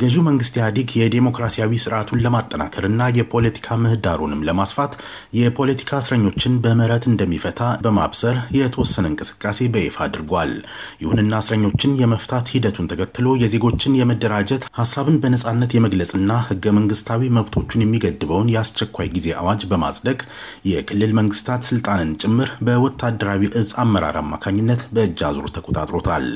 ገዢው መንግስት ኢህአዴግ የዴሞክራሲያዊ ስርዓቱን ለማጠናከር እና የፖለቲካ ምህዳሩንም ለማስፋት የፖለቲካ እስረኞችን በምህረት እንደሚፈታ በማብሰር የተወሰነ እንቅስቃሴ በይፋ አድርጓል። ይሁንና እስረኞችን የመፍታት ሂደቱን ተከትሎ የዜጎችን የመደራጀት ሀሳብን በነጻነት የመግለጽና ህገ መንግስታዊ መብቶቹን የሚገድበውን የአስቸኳይ ጊዜ አዋጅ በማጽደቅ የክልል መንግስታት ስልጣንን ጭምር በወታደራዊ እዝ አመራር አማካኝነት በእጅ አዙር ተቆጣጥሮታል።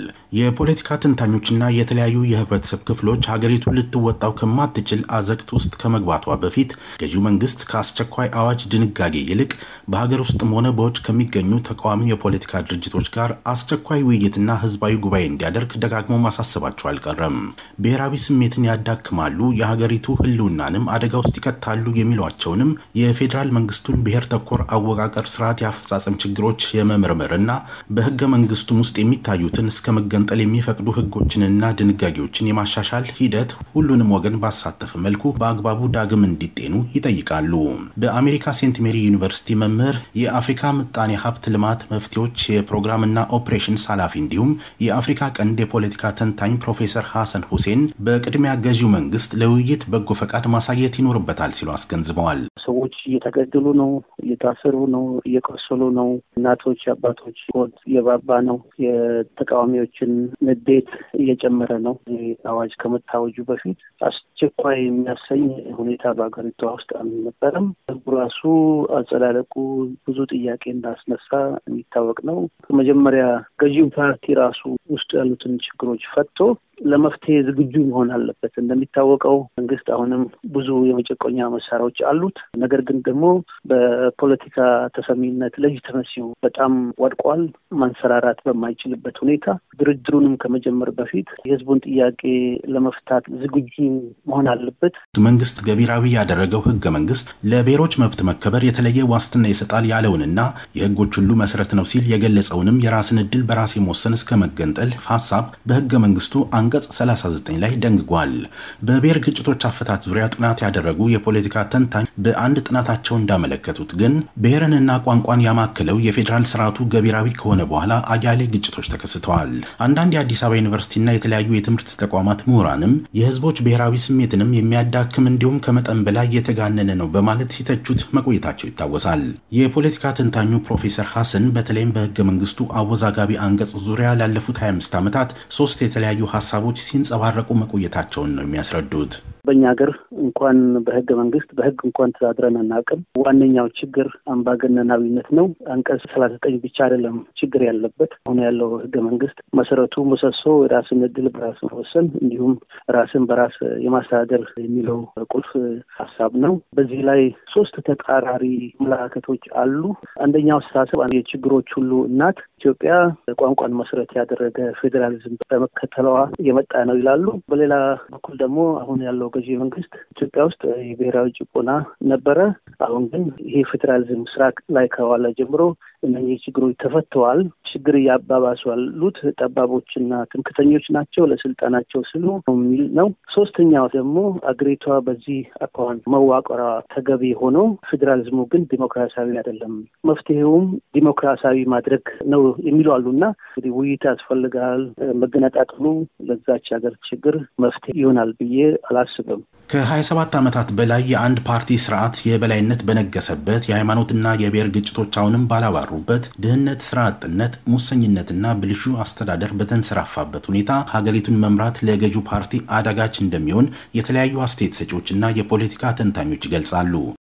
የፖለቲካ ትንታኞችና የተለያዩ የህብረተሰብ ክፍሎች ሀገሪ ሀገሪቱ ልትወጣው ከማትችል አዘቅት ውስጥ ከመግባቷ በፊት ገዢው መንግስት ከአስቸኳይ አዋጅ ድንጋጌ ይልቅ በሀገር ውስጥም ሆነ በውጭ ከሚገኙ ተቃዋሚ የፖለቲካ ድርጅቶች ጋር አስቸኳይ ውይይትና ህዝባዊ ጉባኤ እንዲያደርግ ደጋግሞ ማሳሰባቸው አልቀረም። ብሔራዊ ስሜትን ያዳክማሉ፣ የሀገሪቱ ህልውናንም አደጋ ውስጥ ይከታሉ የሚሏቸውንም የፌዴራል መንግስቱን ብሔር ተኮር አወቃቀር ስርዓት የአፈጻጸም ችግሮች የመመርመርና በህገ መንግስቱም ውስጥ የሚታዩትን እስከ መገንጠል የሚፈቅዱ ህጎችንና ድንጋጌዎችን የማሻሻል ሂደት በማለት ሁሉንም ወገን ባሳተፈ መልኩ በአግባቡ ዳግም እንዲጤኑ ይጠይቃሉ። በአሜሪካ ሴንት ሜሪ ዩኒቨርሲቲ መምህር የአፍሪካ ምጣኔ ሀብት ልማት መፍትሄዎች የፕሮግራምና ኦፕሬሽንስ ኃላፊ እንዲሁም የአፍሪካ ቀንድ የፖለቲካ ተንታኝ ፕሮፌሰር ሐሰን ሁሴን በቅድሚያ ገዢው መንግስት ለውይይት በጎ ፈቃድ ማሳየት ይኖርበታል ሲሉ አስገንዝበዋል። ሰዎች እየተገደሉ ነው፣ እየታሰሩ ነው፣ እየቆሰሉ ነው። እናቶች፣ አባቶች ሆድ እየባባ ነው። የተቃዋሚዎችን ንዴት እየጨመረ ነው። አዋጅ ከመታወጁ በፊት አስቸኳይ የሚያሰኝ ሁኔታ በሀገሪቷ ውስጥ አልነበረም። ህጉ ራሱ አጸላለቁ ብዙ ጥያቄ እንዳስነሳ የሚታወቅ ነው። ከመጀመሪያ ገዢው ፓርቲ ራሱ ውስጡ ያሉትን ችግሮች ፈቶ ለመፍትሄ ዝግጁ መሆን አለበት። እንደሚታወቀው መንግስት አሁንም ብዙ የመጨቆኛ መሳሪያዎች አሉት። ነገር ግን ደግሞ በፖለቲካ ተሰሚነት ለጂተመሲው በጣም ወድቋል። ማንሰራራት በማይችልበት ሁኔታ ድርድሩንም ከመጀመር በፊት የህዝቡን ጥያቄ ለመፍታት ዝግጁ መሆን አለበት። መንግስት ገቢራዊ ያደረገው ህገ መንግስት ለብሔሮች መብት መከበር የተለየ ዋስትና ይሰጣል ያለውንና የህጎች ሁሉ መሰረት ነው ሲል የገለጸውንም የራስን እድል በራስ የመወሰን እስከ መገንጠል ሀሳብ በህገ መንግስቱ አንቀጽ 39 ላይ ደንግጓል። በብሔር ግጭቶች አፈታት ዙሪያ ጥናት ያደረጉ የፖለቲካ ተንታኝ በአንድ ጥናታቸው እንዳመለከቱት ግን ብሔርንና ቋንቋን ያማክለው የፌዴራል ስርዓቱ ገቢራዊ ከሆነ በኋላ አያሌ ግጭቶች ተከስተዋል። አንዳንድ የአዲስ አበባ ዩኒቨርሲቲና የተለያዩ የትምህርት ተቋማት ምሁራንም የህዝቦች ብሔራዊ ስሜትንም የሚያዳክም እንዲሁም ከመጠን በላይ የተጋነነ ነው በማለት ሲተቹት መቆየታቸው ይታወሳል። የፖለቲካ ተንታኙ ፕሮፌሰር ሐሰን በተለይም በህገ መንግስቱ አወዛጋቢ አንቀጽ ዙሪያ ላለፉት 25 ዓመታት ሶስት የተለያዩ ሀሳቦች ሲንጸባረቁ መቆየታቸውን ነው የሚያስረዱት። በእኛ ሀገር እንኳን በህገ መንግስት በህግ እንኳን ተዳድረን አናውቅም። ዋነኛው ችግር አምባገነናዊነት ነው። አንቀጽ ሰላሳ ዘጠኝ ብቻ አይደለም ችግር ያለበት አሁን ያለው ህገ መንግስት መሰረቱ ምሰሶ የራስን እድል በራስ መወሰን እንዲሁም ራስን በራስ የማስተዳደር የሚለው ቁልፍ ሀሳብ ነው። በዚህ ላይ ሶስት ተቃራሪ መለካከቶች አሉ። አንደኛው አስተሳሰብ የችግሮች ሁሉ እናት ኢትዮጵያ ቋንቋን መሰረት ያደረገ ፌዴራሊዝም በመከተለዋ የመጣ ነው ይላሉ። በሌላ በኩል ደግሞ አሁን ያለው ገዢ መንግስት ኢትዮጵያ ውስጥ የብሔራዊ ጭቆና ነበረ። አሁን ግን ይሄ ፌዴራሊዝም ስራ ላይ ከዋለ ጀምሮ እነዚህ ችግሮች ተፈተዋል። ችግር እያባባሱ ያሉት ጠባቦችና ትምክተኞች ናቸው ለስልጣናቸው ስሉ የሚል ነው። ሶስተኛው ደግሞ አገሪቷ በዚህ አኳን መዋቅሯ ተገቢ ሆኖ ፌዴራሊዝሙ ግን ዲሞክራሲያዊ አይደለም፣ መፍትሄውም ዲሞክራሲያዊ ማድረግ ነው የሚሉ አሉ እና እንግዲህ ውይይት ያስፈልጋል። መገነጣጥሉ ለዛች ሀገር ችግር መፍትሄ ይሆናል ብዬ አላስብም። ከሀያ ሰባት ዓመታት በላይ የአንድ ፓርቲ ስርዓት የበላይ የበላይነት በነገሰበት የሃይማኖትና የብሔር ግጭቶች አሁንም ባላባሩበት፣ ድህነት፣ ስራ አጥነት፣ ሙሰኝነትና ብልሹ አስተዳደር በተንሰራፋበት ሁኔታ ሀገሪቱን መምራት ለገዢው ፓርቲ አዳጋች እንደሚሆን የተለያዩ አስተያየት ሰጪዎችና የፖለቲካ ተንታኞች ይገልጻሉ።